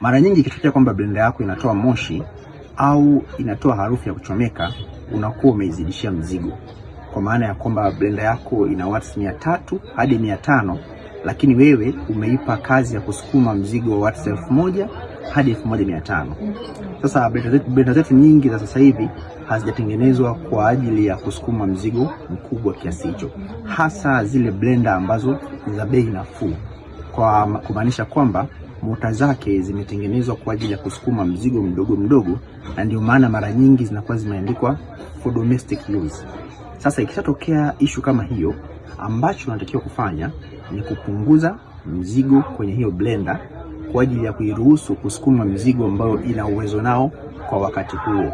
Mara nyingi ikitokea kwamba blender yako inatoa moshi au inatoa harufu ya kuchomeka, unakuwa umeizidishia mzigo, kwa maana ya kwamba blender yako ina watts mia tatu hadi mia tano lakini wewe umeipa kazi ya kusukuma mzigo wa watts elfu moja hadi elfu moja mia tano. Sasa blender zetu nyingi za sasa hivi hazijatengenezwa kwa ajili ya kusukuma mzigo mkubwa kiasi hicho, hasa zile blender ambazo ni za bei nafuu, kwa kumaanisha kwamba mota zake zimetengenezwa kwa ajili ya kusukuma mzigo mdogo mdogo, na ndio maana mara nyingi zinakuwa zimeandikwa for domestic use. Sasa ikishatokea ishu kama hiyo, ambacho unatakiwa kufanya ni kupunguza mzigo kwenye hiyo blender kwa ajili ya kuiruhusu kusukuma mzigo ambayo ina uwezo nao kwa wakati huo.